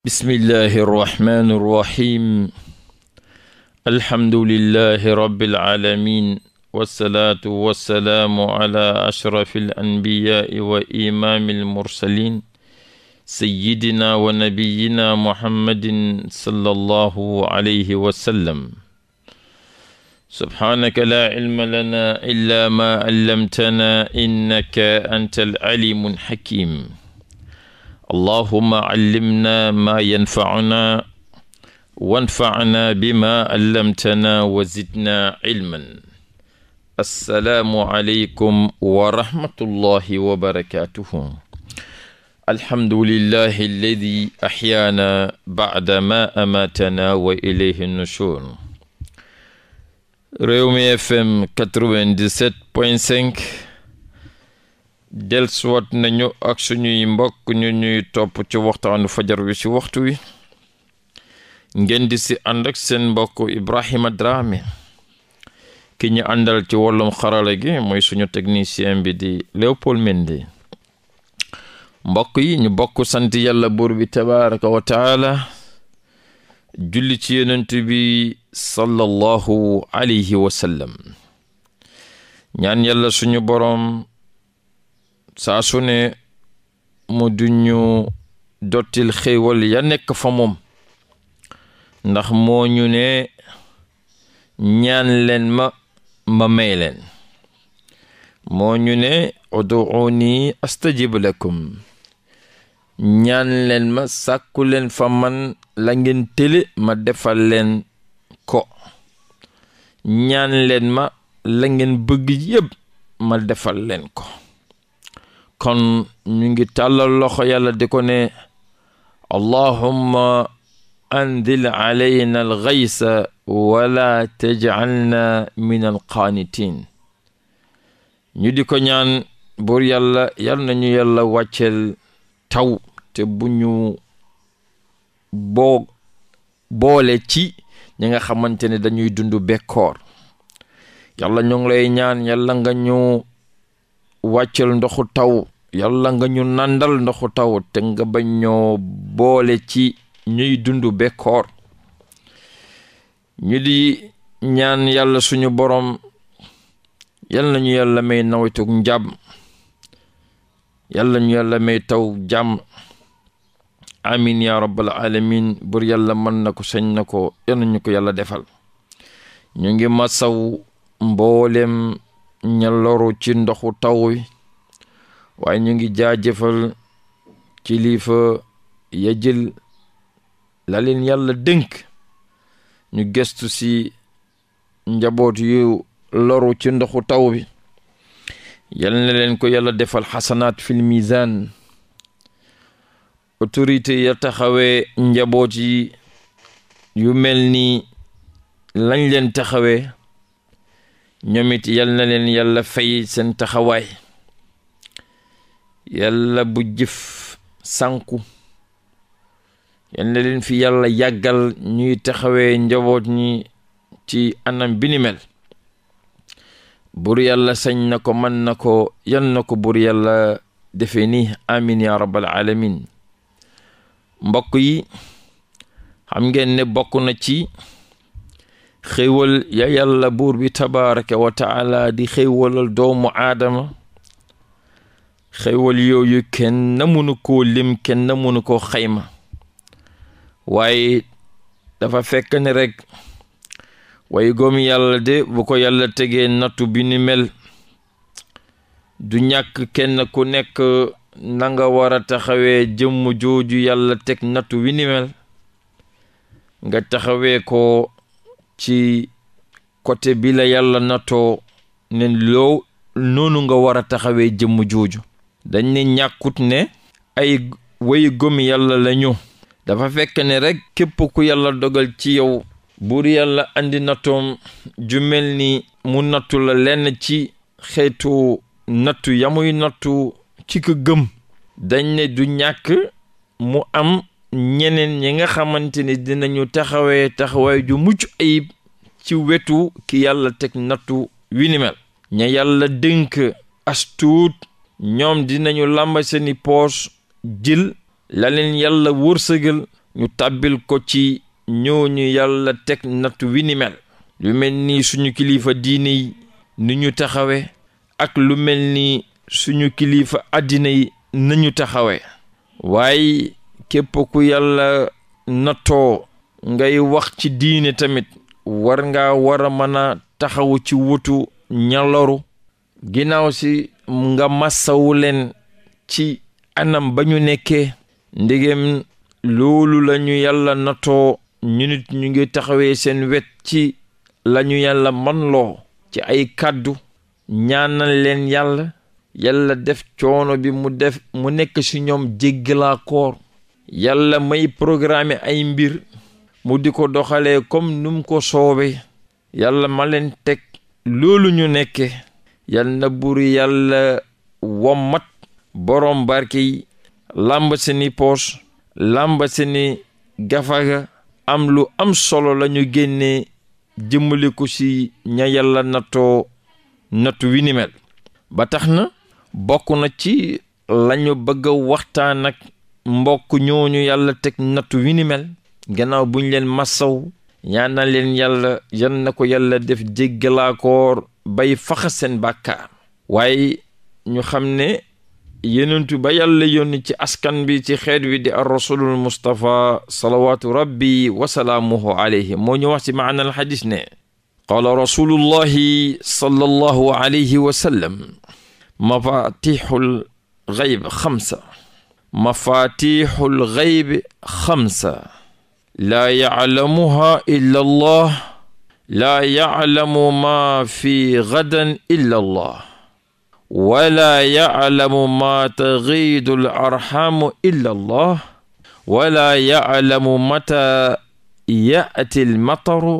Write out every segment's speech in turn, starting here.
bismillahi irrahmani irrahim alhamdulillahi rabbil alamin wassalaatu wassalaamu ala ashrafi alanbiyaai wa imaami almursalin sayidina wa nabiyina muhammadin sallallahu alayhi wasallam subhaanaka laa cilma lana illa ma allamtana innaka anta alalimu alxakim allahuma callimna maa yanfacunaa wanfacnaa bimaa allamtanaa wa zidnaa cilman assalaamu aleykum wa rahmatullahi wa barakaatuhu alhamdulillahi alladi axyaana bacda ma amaatanaa wa ilayhi nushur Rewmi FM 97.5 delsuwat nañu ak suñuy mbokk ñu ñuy topp ci waxtaanu fajar wi ci waxtu wi ngeen di si ànd seen mbokk Ibrahima Drame ki ñu àndal ci wàllum xarala gi mooy suñu technicien bi di Léopold Mendy mbokk yi ñu bokk sant yàlla buur bi tabaraka wa julli ci yonent bi sallallahu alayhi wa sallam ñaan yàlla suñu boroom saa su ne mu duñu dottil xéewal ya nekk fa moom ndax moo ne ñaan leen ma ma may leen moo ñu ne uduuni astajib lakum ñaan leen ma sàkku leen fa man la ngeen tele ma defal leen ko ñaan leen ma la ngeen bëgg yépp ma defal leen ko kon ñu ngi tàllal loxo yàlla di ko ne allahumma anzil alayna alxaysa wala tajcalna min alqaanitin ñu di ko ñaan buur yàlla yal nañu yàlla wàccel taw te ñu boole ci ñi nga xamante ne dañuy dund bekkoor yàlla ñu ngi lay ñaan yàlla nga ñu wàccel ndoxu taw yàlla nga ñu nandal ndoxu taw te nga bañ ñoo boole ci ñuy dund bekkoor ñu di ñaan yàlla suñu boroom yàlla nañu yàlla may nawetuk njàmm yàlla ñu yàlla may taw jàmm amin ya rabbal alamin bur yàlla mën na ko sañ na ko yàlla ko yàlla defal ñu ngi masaw mboolem ña ci ndoxu taw waaye ñu ngi jaajëfal kilifa ya jël la leen yàlla dënk ñu gëstu si njaboot yu loru ci ndoxu taw bi yal na leen ko yàlla defal xasanaat fil mizaan autorité ya taxawee njaboot yi yu mel ni lañ leen taxawee ñoom it yal na leen yàlla fay seen taxawaay yàlla bu jëf sànku yal leen fi yàlla yàggal ñuy taxawee njaboot ñi ci anam bi ni mel buur yàlla sañ na ko mën na ko yal na ko buur yàlla defe ni amin ya rabbal alamin mbokk yi xam ngeen ne bokk na ci xéewal ya yàlla buur bi tabaraka wa di xéewalal doomu aadama xewal yooyu kenn namunu ko lim kenn mënu koo xayma waaye dafa fekk ne rek waaye gom yàlla de bu ko yàlla tegee nattu bi ni mel du ñàkk kenn ku nekk na nga war a taxawee jëmm jooju yàlla teg nattu wi ni mel nga taxawee ko ci côté bila la yàlla nattoo ne loo noonu nga war a taxawee jëmm jooju dañ ne ñàkkut ne ay way gëm yàlla lañu dafa fekk ne rekk képp ku yàlla dogal ci yow buur yàlla andi nattoom ju mel ni mu nattu la lenn ci xeetu nattu yamuy nattu ci ko gëm dañ ne du ñàkk mu am ñeneen ñi nga xamante ne dinañu taxawee taxawaay ju mucc ayib ci wetu ki yàlla teg nattu wi ña yàlla dënk astuut ñoom dinañu làmba seeni poos jil la leen yàlla wërsëgal ñu tàbbil ko ci ñooñu yàlla teg natt wi ni lu mel ni suñu kilifa diine yi ni ñu taxawee ak lu mel ni suñu kilifa àddina yi nañu taxawe waaye képp ku yàlla nattoo ngay wax ci diine tamit war ngaa war a mën a taxawu ci wutu ñaloru nga masawu leen ci anam ba ñu nekkee ndegem loolu lañu ñu yàlla natoo ñu ñu ngi taxawee seen wet ci lañu ñu yàlla man loo ci ay kàddu ñaanal leen yàlla yàlla def coono bi mu def mu nekk ci ñoom jéggalaa koor yàlla may programme ay mbir mu di ko doxalee comme num ko soobe yàlla ma teg loolu ñu nekke yal na buur yàlla wommat boroom barke yi làmb seeni poos làmb seeni gafaga am lu am solo lañu ñu génnee jëmmali ci ña yàlla nattoo nattu wi ba tax na bokk na ci lañu bëgga a waxtaan ak mbokk ñooñu yàlla teg nattu wi ni gannaaw buñ leen massaw ñaanal leen yàlla yan na ko yàlla def jéggalaakoor bay faxas seen bàkkaar waaye ñu xam ne yenentu ba yàlla yónni ci askan bi ci xeet wi di ar rasulul mustafa salawaatu rabbi wasalaamuhu alayhi moo ñu wax ci maana al xadis ne qaala rasulullahi sallallahu alayhi wa sallam mafatixul xayb xamsa mafatixul xayb xamsa allah laa yaclamu maa fi gadan illa allah wala yaclamu maa taxiidu l arxamu illa allah wala yaclamu mata yaati lmataru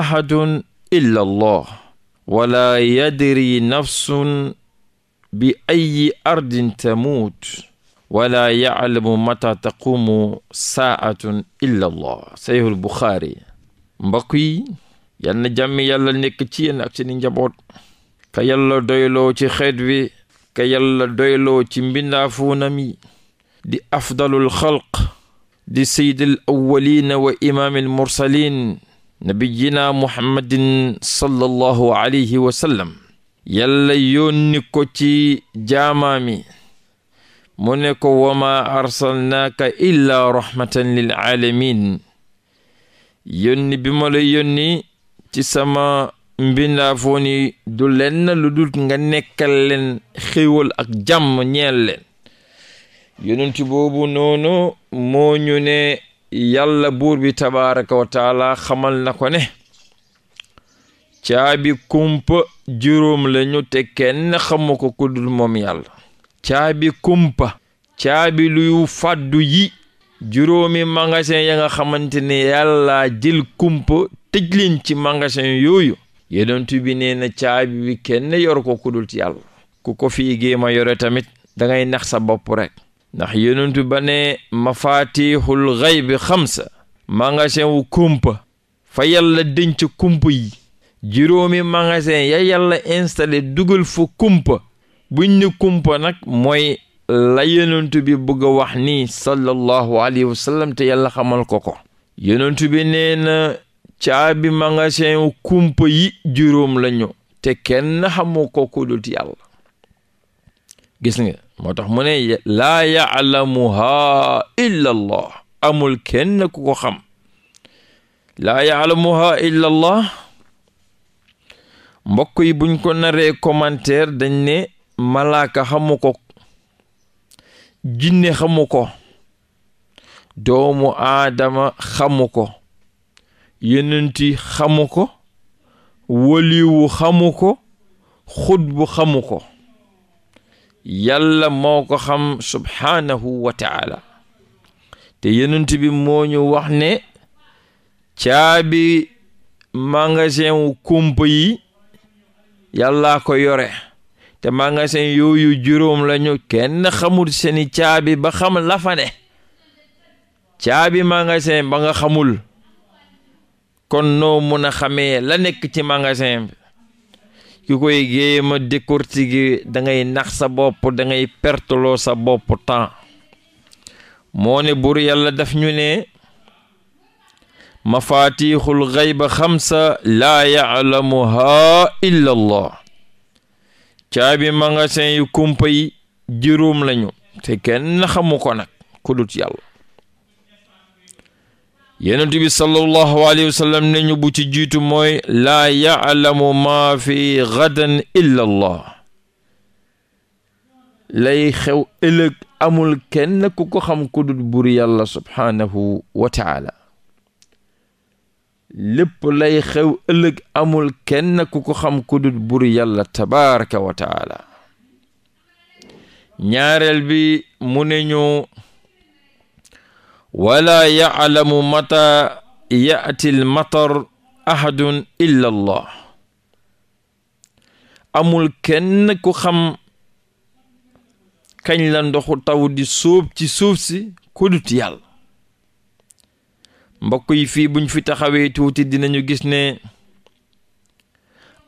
ahadun illa allah wala yadri nafsun bi ayi ardin tamuut wala yaclamu mata taqumu saatun illa allah sayhul buxaari mbokk yi yal na jàmmi yàlla nekk ci yéen ak seeni njaboot ka yàlla doyloo ci xeet wi ka yàlla doyloo ci mbindaafuunam yi di afdalul xalq di sayyidil awwalina wa imaamil mursalin nabiyina muhammadin sallallahu alayhi wa sallam yàlla ko ci jaamaami mu ne ko wama arsalnaaka illaa rahmatan lil alamin yónni bi ma ci sama mbindaafoon du lenn lu dul nga nekkal leen xéewal ak jàmm ñeel leen noonu moo ñu ne yàlla buur bi tabaaraka wa xamal na ko ne caabi kumpa juróom lañu te kenn xamu ko ku moom yàlla caabi kumpa caabi luyu fàddu yi juróomi magasin ya nga xamante kumpa tëj leen ci magasin yooyu yonent bi nee na caabi wi kenn yor ko kudul ci yàlla ku ko fii géema yore tamit dangay nax sa bopp rek ndax yonent ba ne mafatihul xaybi xamsa magasin wu kumpa fa yàlla denc kumpa yi juróomi magasin ya yàlla installé dugal fa kumpa buñ ne kumpa nag mooy la yonent bi bëgg a wax ni sallallahu alayhi wa te yàlla xamal ko ko yonent bi nee caabi magasin kumpa yi juróom lañu te kenn xamoo ko ku dul yàlla nga moo tax mu ne laa yaalamuha illa allah amul kenn ku ko xam laa yaalamuha illa allah mbokk yi buñ ko naree commentaire dañ ne malaaka xamu ko jinne xamu ko doomu aadama xamu ko yenenti xamu ko waliwu xamu ko xutbu xamu ko yàlla moo ko xam subhaanahu wa te yenent bi moo ñu wax ne caabi magasin wu kumpa yi yàllaa ko yore te magasin yooyu juróom lañu kenn xamul seeni caabi ba xam la fa ne caabi magasin ba nga xamul kon noo mën a xamee la nekk ci magasin bi ki koy géema décortiquer da ngay nax sa bopp da ngay perteloo sa bopp temps moo ne buur yàlla def ñu ne mafatixul xayba xamsa laa yaalamuha illa allah caabi magasin yu kumpa yi juróom lañu te kenn xamu ko nag ku dut yàlla yonent bi sallallahu alayhi wa sallam ne ñu bu ci jiitu mooy laa yaalamu maa fi gadan illa allah lay xew ëllëg amul kenn ku ko xam ku dul yàlla subhaanahu wa taala lépp lay xew ëllëg amul kenn ku ko xam ku dul buur yàlla tabaraka wa taala ñaareel bi mu ne ñu wala yaclamu mata yaati l matar ahadun illa amul kenn ku xam kañ la ndoxu taw di sóob ci suuf si ku dut yàlla mbokk yi fii buñ fi taxawee tuuti dinañu gis ne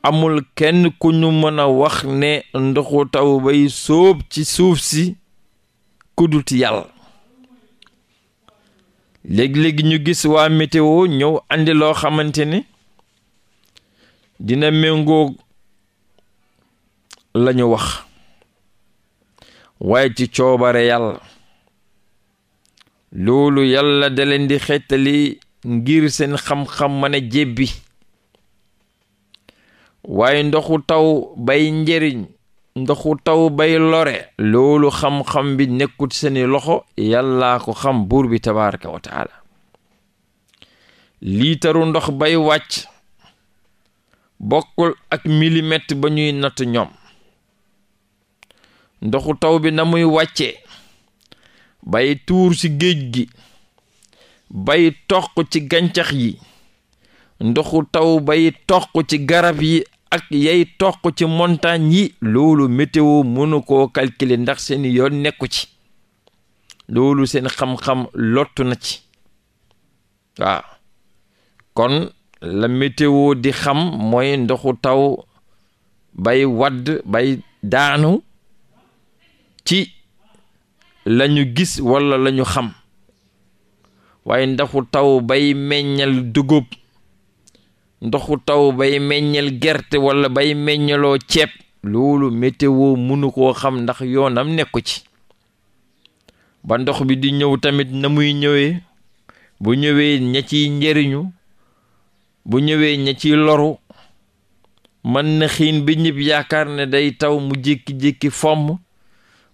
amul kenn ku ñu mën a wax ne ndoxu taw bay sóob ci suuf si ku dut léegi-léegi ñu gis waa météo ñëw andi loo xamante ni dina méngoo lañu wax waaye ci coobare yàlla loolu yàlla da leen di xettali ngir seen xam-xam mën a jébbi waaye ndoxu taw bay njëriñ ndoxu taw bay lore loolu xam-xam bi nekkut seeni loxo yàllaa ko xam buur bi tabaraka liitaru ndox bay wàcc bokkul ak milimètre ba ñuy natt ñoom ndoxu taw bi na muy wàccee bay tuur ci géej gi bay toq ci gàncax yi ndoxu taw bay toq ci garab yi ak yay toq ci montagne yi loolu météo mënu koo ndax seeni yoon nekku ci loolu seen xam-xam lottu na ci waaw kon la météo di xam mooy ndoxu taw bay wadd bay daanu ci lañu gis walla lañu xam waaye ndoxu taw bay meññal dugub ndoxu taw bay meññeel gerte walla bay meññaloo ceeb loolu météo mënu koo xam ndax yoonam nekku ci ba ndox bi di ñëw tamit na muy ñëwee bu ñëwee ña ciy njëriñu bu ñëwee ña ciy loru mën na xiin bi ñëpp yaakaar ne day taw mu jékki-jékki fomm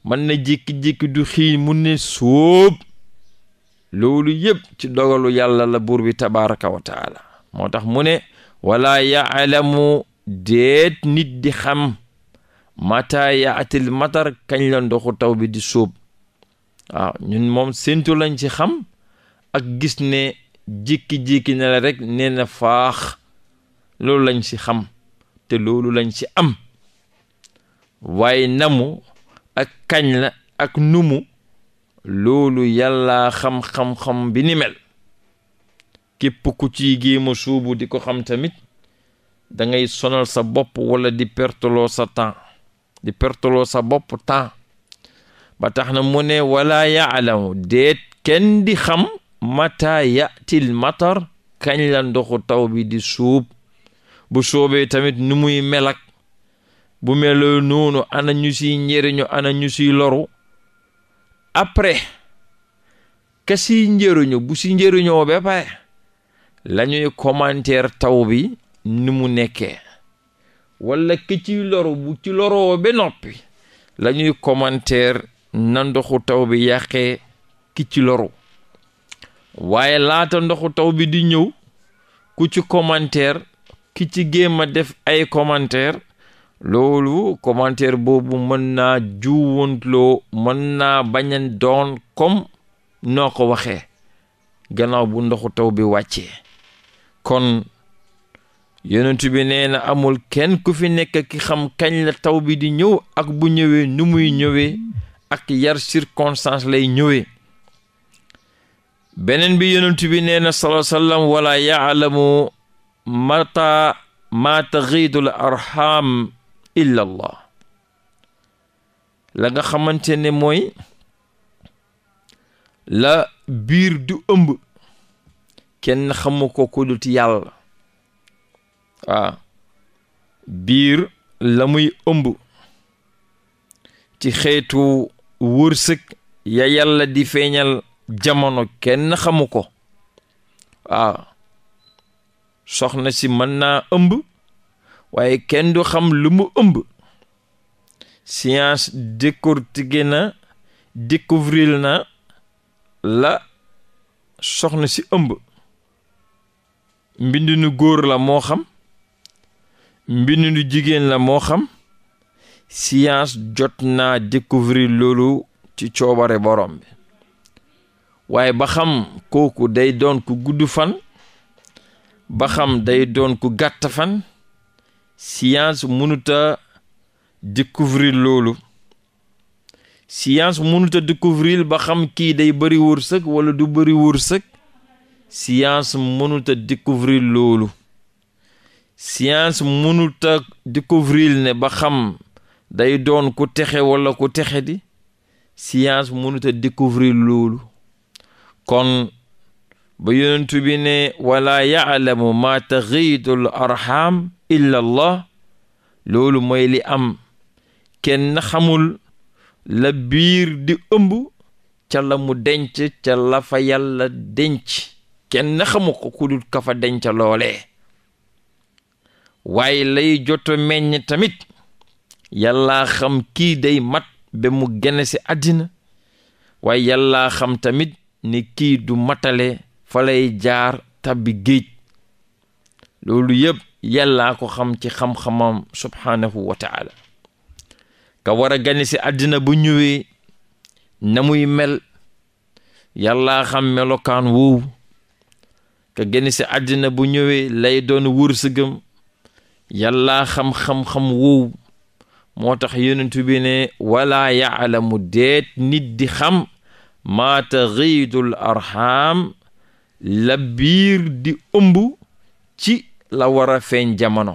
mën na jékki-jékki du xiin mu ne sóob loolu yëpp ci dogalu yàlla la buur bi tabaraka wa moo tax mu ne wala yaalamu déet nit di xam mata yaatil matar kañ la ndoxu taw bi di sóob waaw ñun moom séntu lañ ci xam ak gis ne jikki jikki na rekk rek nee faax loolu lañ ci xam te loolu lañ ci am waaye namu ak kañ la ak numu loolu yàlla xam-xam-xam bi ni mel képp ku ciy géema suubu di ko xam tamit dangay ngay sonal sa bopp wala di perteloo sa temps di perteloo sa bopp temps ba tax na mu ne wala yaalamu déet kenn di xam mata yatil matar kañ la ndoxu taw bi di suub bu soobee tamit nu muy melak bu meloo nuunu ana ñu siy njëriñu ana ñu siy loru après ka siy njëriñu bu si njëriñoo ba pare lañuy commentaire taw bi ni mu nekkee wala ki ci loru bu ci loroo ba noppi lañuy commentaire na ndoxu taw bi yàqee ki ci loru waaye laata ndoxu taw bi di ñëw ku ci commentaire ki ci géem a def ay commentaire loolu commentaire boobu mën naa juuwantloo mën naa bañ doon kom noo ko waxee gannaaw bu ndoxu taw bi wàccee kon yonent bi nee na amul kenn ku fi nekk ki xam kañ la taw bi di ñëw ak bu ñëwee nu ñëwee ak yar circonstance lay ñëwee beneen bi yonent bi nee na sallallahu alayhi wa sallam wala yaalamu mata maa taxiidul arham illa allah la nga xamante ne mooy la biir du ëmb kenn xamu ko ku dut yàlla biir la muy ëmb ci xeetu wërsëg ya yàlla di feeñal jamono kenn xamu ko soxna si mën naa ëmb waaye kenn du xam lu mu ëmb science décortiqué na découvrir na la soxna si ëmb mbindinu góor la moo xam mbindinu jigéen la moo xam science jot naa découvrir loolu ci coobare borom bi waaye ba xam kooku day doon ku gudd fan ba xam day doon ku gàtt fan science mënuta découvrir loolu science mënuta découvrir ba xam kii day bëri wërsëg wala du bëri wërsëg science mënut a découvrir loolu science mënut a découvrir ne ba xam day doon ku texe walla ku texe di science mënut a loolu kon ba yonentu bi ne wala yaalamu maa taxiidul arxam illa allah loolu mooy li am kenn xamul la biir di ëmb ca la mu denc ca la fa yàlla denc kenn xamu ko ku dul ka fa waaye lay joto meññ tamit yàllaa xam kii day mat ba mu gene si àddina waaye yàllaa xam tamit ni kii du matale falay jaar tabbi géej loolu yëpp yàllaa ko xam ci xam-xamam subhaanahu wa ka war a si àddina bu ñëwee na muy mel yàllaa xam melokaan woowu ka génn si àddina bu ñëwee lay doon wërsëgam yàllaa xam-xam-xam woowu moo tax yonent bi ne walaa yaalamu deet nit di xam maa taxiidul arxaam la biir di ëmb ci la war a feeñ jamono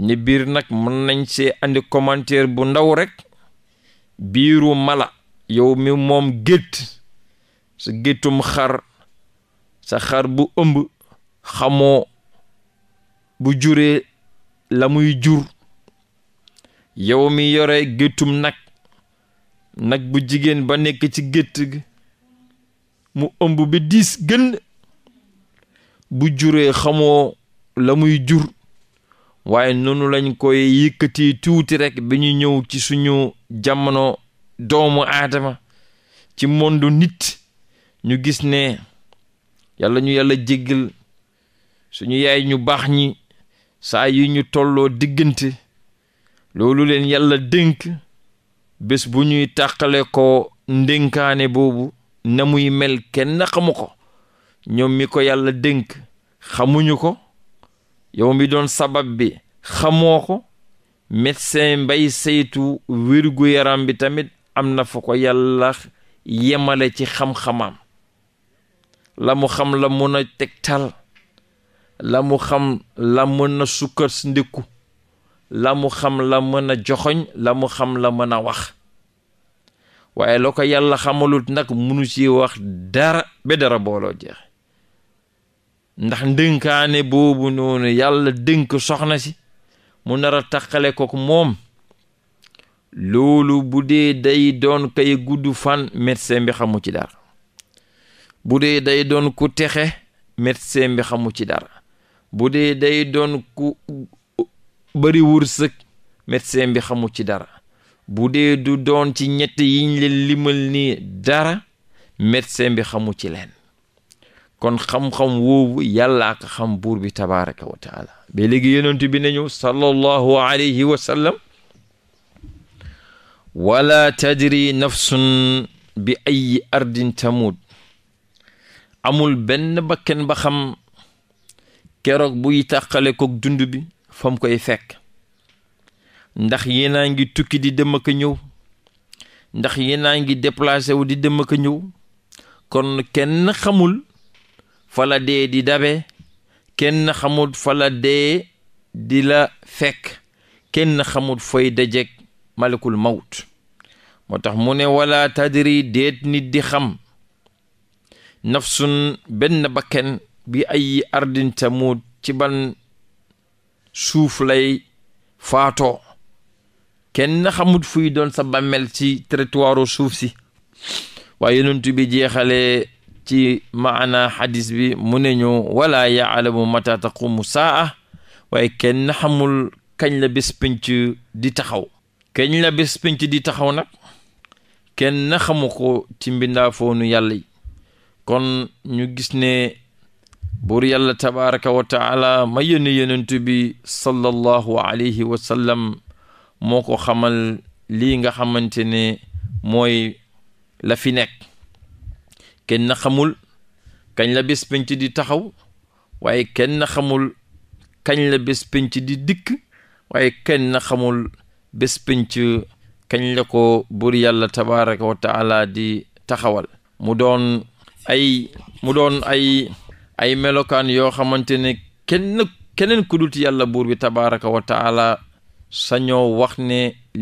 ne biir nag mën nañ see andi commentaire bu ndaw rek biiru mala yow mi moom gétt sa géttum xar sa xar bu ëmb xamoo bu juree lamuy muy jur yow mi yore géttum nag nag bu jigéen ba nekk ci gétt gi mu ëmb bi diis gën bu juree xamoo la muy jur waaye noonu lañ koy yëkkati tuuti rekk bi ñu ñëw ci suñu jamono doomu aadama ci monde nit ñu gis ne yàlla ñu yàlla jéggal suñu yaay ñu baax ñi saa yi ñu tolloo diggante loolu leen yàlla dénk bés bu ñuy tàqale ko ndénkaane boobu na muy mel kenn xamu ko ñoom mi ko yàlla dénk xamuñu ko yow mi doon sabab bi xamoo ko médecin mbay saytu wérgu yaram bi tamit am na fa ko yàlla yemale ci xam-xamam la mu xam la mun a tegtal la mu xam la mën a si ndikku la mu xam la mën joxoñ la mu xam la mën a wax waaye loo ko yàlla xamalut nag munu ci wax dara ba dara booloo jeex ndax ndënkaane boobu noonu yàlla dënk soxna si mu nara a taqale moom loolu bu dee day doon kay gudd fan médecin bi xamu ci dara bu dee day doon ku texe médecin bi xamu ci dara bu dee day doon ku bari wërsëg médecin bi xamu ci dara bu dee du doon ci ñett yiñ leen limal nii dara médecin bi xamu ci leen kon xam-xam woowu yàllaa ko xam buur bi tabaraka wa taala ba léegi yonent bi nañu sallallahu alayhi wa sallam wala tadri bi ay ardin tamut amul benn bakken ba xam keroog buy tàqale koog dund bi fa mu koy fekk ndax yéenaa ngi tukki di dem ak a ñëw ndax yéenaa ngi déplacé wu di dem ak a ñëw kon kenn xamul fa la dee di dabe kenn xamul fa la dee di la fekk kenn xamul fooy dajeg malakul mawt moo tax mu ne wala tadri deet nit di xam nafsun benn bakken bi ay ardin tamut ci ban suuf lay faatoo kenn xamut fuy doon sa bàmmeel ci territoire suuf si waaye yonent bi jeexale ci maana xadis bi mu ne ñu wala yaalamu mata taqumu saa waaye kenn xamul kañ la bés pénc di taxaw kañ la bés pénc di taxaw nag kenn xamu ko ci mbindaafoonu yàlla kon ñu gis ne buur yàlla tabaraka wa taala ma yónni bi sallallahu alayhi wa moo ko xamal lii nga xamante ne mooy la fi nekk kenn xamul kañ la bés penc di taxaw waaye kenn xamul kañ la di dikk waaye kenn xamul bés penc kañ la ko buur yàlla tabaraka wa di taxawal mu doon ay mu doon ay ay melokaan yoo xamante ne keneen ku dut yàlla buur bi tabaraka wa sañoo wax ne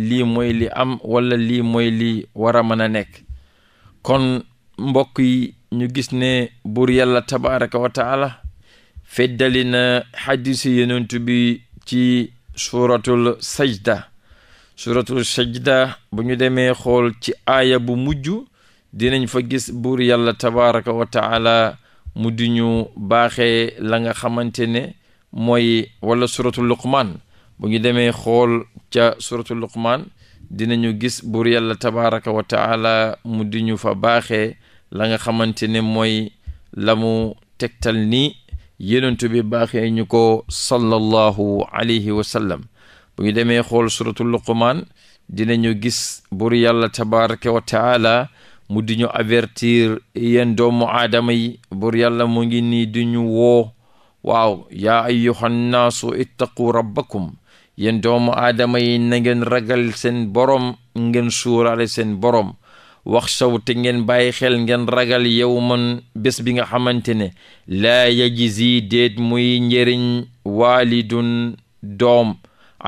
lii mooy li am walla lii mooy li war a mën a nekk kon mbokk yi ñu gis ne buur yàlla tabaraka wa taala feddali na xadisi yonent bi ci suuratul sajda suuratul sajda bu ñu demee xool ci aaya bu mujj dinañu fa gis buur yàlla tabaraka wa taala mu di ñu baaxee la nga xamante ne mooy wala suratu luqmaan bu ñu demee xool ca suratu luqmaan dinañu gis buur yàlla tabaraka wa taala mu di ñu fa baaxee la nga xamante ne mooy la mu tegtal ni yenentu bi baaxee ñu ko sallallahu alayhi wa sallam bu ñu demee xool suratu luqmaan dinañu gis buur yàlla tabaraka wa mu di ñu avertir yéen doomu aadama yi bur yàlla mu ngi nii di ñu woo waaw yaa ayyuhan naasu ittaqu rabbakum yéen doomu aadama yi nangeen ragal seen borom ngeen suuraale seen borom wax saw te ngeen bàyyi xel ngeen ragal yow man bés bi nga xamante ne laa yajzi déet muy njëriñ waalidun doom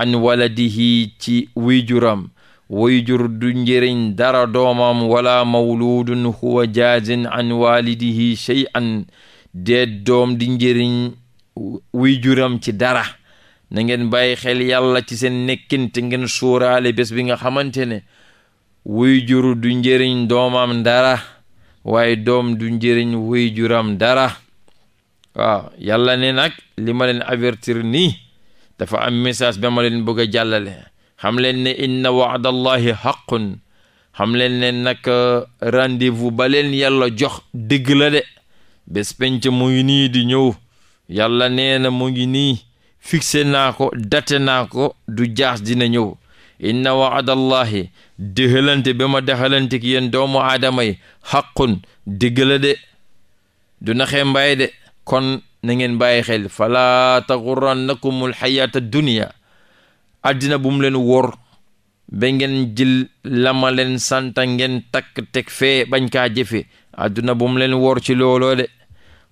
an waladihi ci wijuram woyjur du njëriñ dara doomam wala mawluudun huwa jaazin an waalidihi shay'an deet doom di njëriñ woyjuram ci dara na ngeen bàyyi xel yàlla ci seen nekkin te ngeen suuraale bés bi nga xamante ne woyjur du njëriñ doomam dara waaye doom du njëriñ woyjuram dara waaw yàlla ne nag li ma leen avertir nii dafa am message ba ma leen bëgg a jàllale xam leen ne inna waadallahi xaqun xam leen ne nag euh, rendez-vous ba leen yàlla jox dëgg la de bés penc mu ngi nii di ñëw yàlla nee na mu ngi nii fixé naa ko date naa ko du jaas dina ñëw inna waadallahi dëxalante ba ma dëxalante ki yéen doomu aadama yi xaqun dëgg du naxee mbay de kon na ngeen bàyyi xel falaa taxurrannakumul xayaata dunia àddina bu mu leen wor ba ngeen jël la ma leen santa ngeen takk teg fee bañ kaa jëfe àdduna bu mu leen wor ci looloo de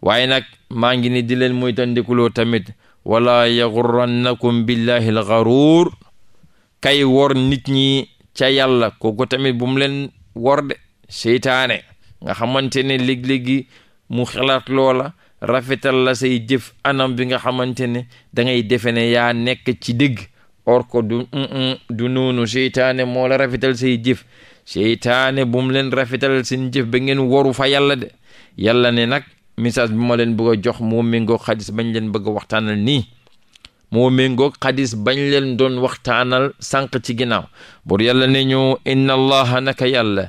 waaye nag maa ngi ni di leen moytandikuloo tamit wala yaxurannakum billahi l garuur kay wor nit ñi ca yàlla kooku tamit bu mu leen wor de seytaane nga xamante ne léeg mu xalaat loola rafetal la say jëf anam bi nga xamante ne da ngay defe ne yaa nekk ci dëgg or ko du mm, mm, du noonu seytaane moo la rafetal say jëf seytaane bu mu leen rafetal seen jëf ba ngeen waru fa yàlla de yàlla ne nag message bi ma leen bëgg a jox moom mi ngoo xadis bañ leen bëgg a waxtaanal nii moo méngoog xadis bañ leen doon waxtaanal sànq ci ginnaaw bur yàlla ne ñu inna allaha naka yàlla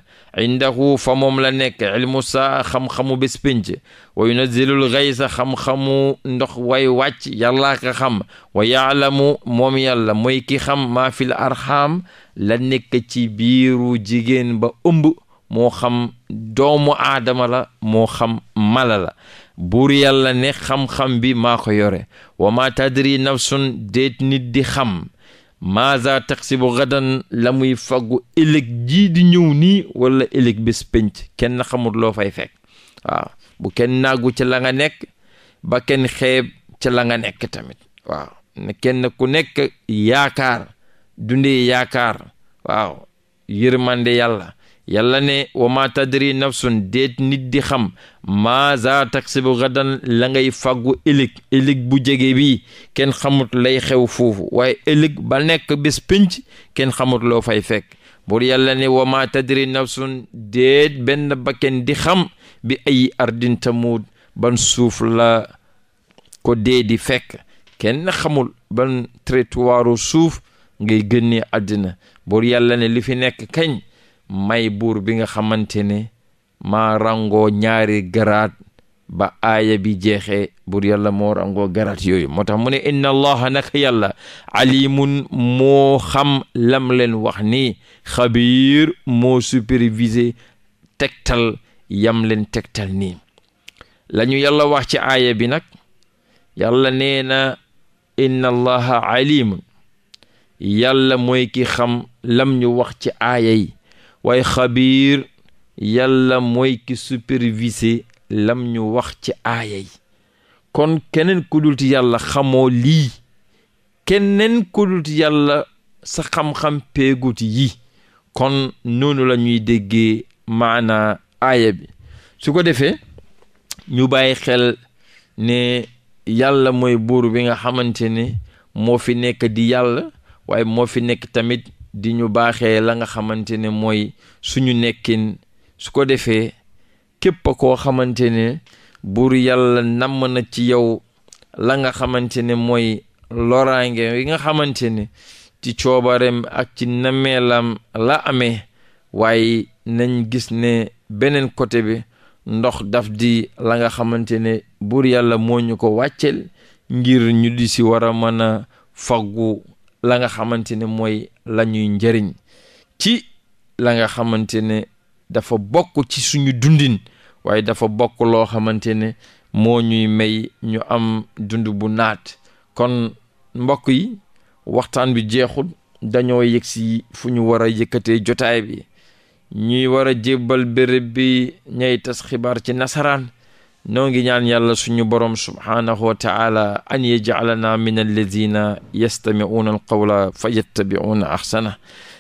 indahu fa moom la nekk ilmu saa xam-xamu bés pénc wa yunazilul gaysa xam-xamu ndox way wàcc yàllaa ka xam wa yaalamu moom yàlla mooy ki xam maa fil arxaam la nekk ci biiru jigéen ba ëmb moo xam doomu aadama la moo xam mala la buur yàlla ne xam-xam bi maa ko yore wa ma tadri nafsun déet nit di xam maaza taksibu gadan la muy faggu ëllëg jii di ñëw nii wala ëllëg bés pénc kenn xamut loo fay fekk waaw bu kenn naagu ca la nga nekk ba kenn xeeb ca la nga nekk tamit waaw ne kenn ku nekk yaakaar dundee yaakaar waaw yërmande yàlla yàlla ne wa ma tadri nafsun déet nit di xam maaza taksibu gadan la ngay fàggu ëllëg ëllëg bu jege bi kenn xamut lay xew foofu waaye ëllëg ba nekk bés pénc kenn xamut loo fay fekk buur yàlla ne wa ma tadri nafsun déet benn bakken di xam bi ay ardinta tamuud ban suuf la ko dee fekk kenn xamul ban trottoiru suuf ngay génnee àddina buur yàlla ne li fi nekk kañ may buur bi nga xamante ne ma rangoo ñaari garaat ba aaya bi jeexee buur yàlla moo rangoo garaat yooyu moo tax mu ne inna allaha naka yàlla alimun moo xam lam leen wax ni xabiir moo supervisé tegtal yam leen tegtal nii lañu yàlla wax ci aaya bi nag yàlla nee na alimun yàlla mooy ki xam lam ñu wax ci aaya yi waaye xabiir yàlla mooy ki supervisé lam ñu wax ci aaya yi kon keneen ku dul ci yàlla xamoo lii keneen ku dul ci yàlla sa xam-xam peeguti yi kon noonu la ñuy déggee maanaa aaya bi su ko defee ñu bàyyi xel ne yàlla mooy buur bi nga xamante ne moo fi nekk di yàlla waaye moo fi nekk tamit di ñu baaxee la nga xamante ne mooy suñu nekkin su ko defee képp koo xamante ne buur yàlla namm na ci yow la nga xamante ne mooy loraange yi nga xamante ne ci coobareem ak ci nameelam la amee waaye nañ gis ne beneen côté bi ndox daf di la nga xamante ne buur yàlla moo ñu ko wàcceel ngir ñu di si war a mën a faggu la nga xamante ne mooy lañuy ñuy njëriñ ci la nga xamante ne dafa bokk ci suñu dundin waaye dafa bokk loo xamante ne moo ñuy may ñu am dund bu naat kon mbokk yi waxtaan bi jeexul dañoo yëgsi fu ñu war a yëkkatee jotaay bi ñuy war a jébbal béréb bi ñay tas xibaar ci nasaraan noo ngi ñaan yàlla suñu borom subhaanahu wa taala an yaj'alana min alladina yastami'una alqawla fa yattabi'una ahsana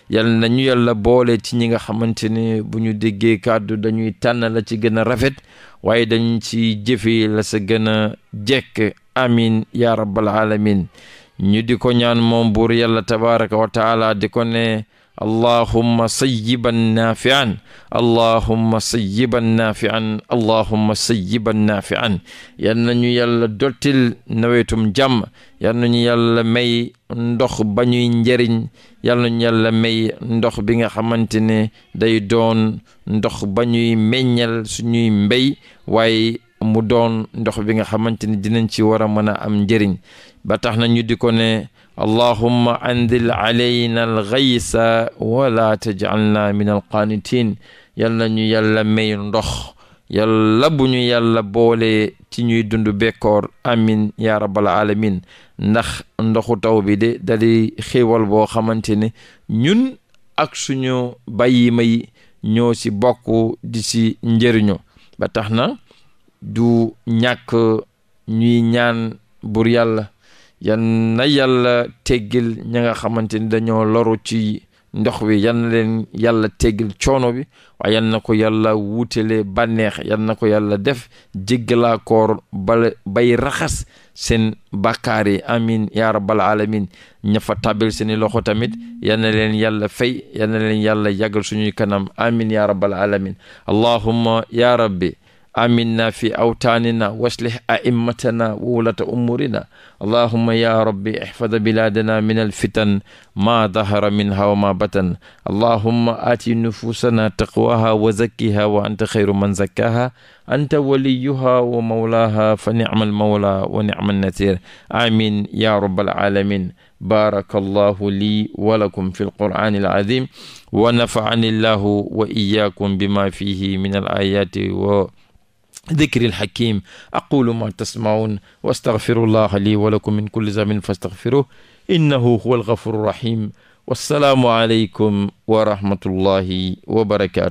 yal na ñu yàlla boole ci ñi nga xamante ne bu ñu déggee kàddu dañuy tànn la ci gën a rafet waaye dañ ci jëfee la sa gën a jekk amin ya rabbal alamin ñu di ñaan moom buur yàlla tabaraka wa taala allahumma sayyiban naafian allahumma sayyiban naafian allahumma sayyiban naafian yal nañu yàlla dottil nawetum jàmm yal nañu yàlla may ndox ba ñuy njëriñ yal nañu yàlla may ndox bi nga xamante ne day doon ndox ba ñuy meññal suñuy mbay waaye mu doon ndox bi nga xamante ne dinañ ci war a mën a am njëriñ ba tax na ñu di ko ne allahumma andil alayna alxaysa wala tajalna min alqanitin yàlla ñu yàlla may ndox yàlla bu ñu yàlla boole ci ñuy dund bekkoor amin ya rabbal alamin ndax ndoxu taw bi de dali xéewal boo xamante ne ñun ak suñu bàyyi may ñoo ci bokku di ci njëriñu ba tax na du ñàkk ñuy ñaan bur yàlla yan na yàlla teggil ña nga xamante ni dañoo loru ci ndox wi yan leen yàlla teggil coono bi waaye yan na ko yàlla wuutale banneex yan na ko yàlla def jéggalaa bala bay raxas seen bàkkaar yi amin yaa rabbal alamin seen fa loxo tamit yan leen yàlla fay yan leen yàlla yàggal suñuy kanam amin yaa rabbal allahumma ya aminna fi awtaanina waslih a'immatana wa wulata umurina allahumma ya rabbi ihfad biladana min alfitan ma dahara minha wa ma batan allahumma aati nufusana taqwaha wa zakkiha wa anta xayru man zakkaha anta waliyuha wa mawlaha fa nicma almawla wa nicma alnasir amin ya rabbal alamin baraka allahu lii wa lakum fi alqur'ani alazim wa nafa'ani allahu wa iyyakum bima fihi min alayati wa dikril hakim aqulu ma tasmaun wa astaghfirullah li wa lakum min kulli zambin fastaghfiruh innahu huwal ghafurur rahim wassalaamu aleykum wa rahmatullahi wa barakatuh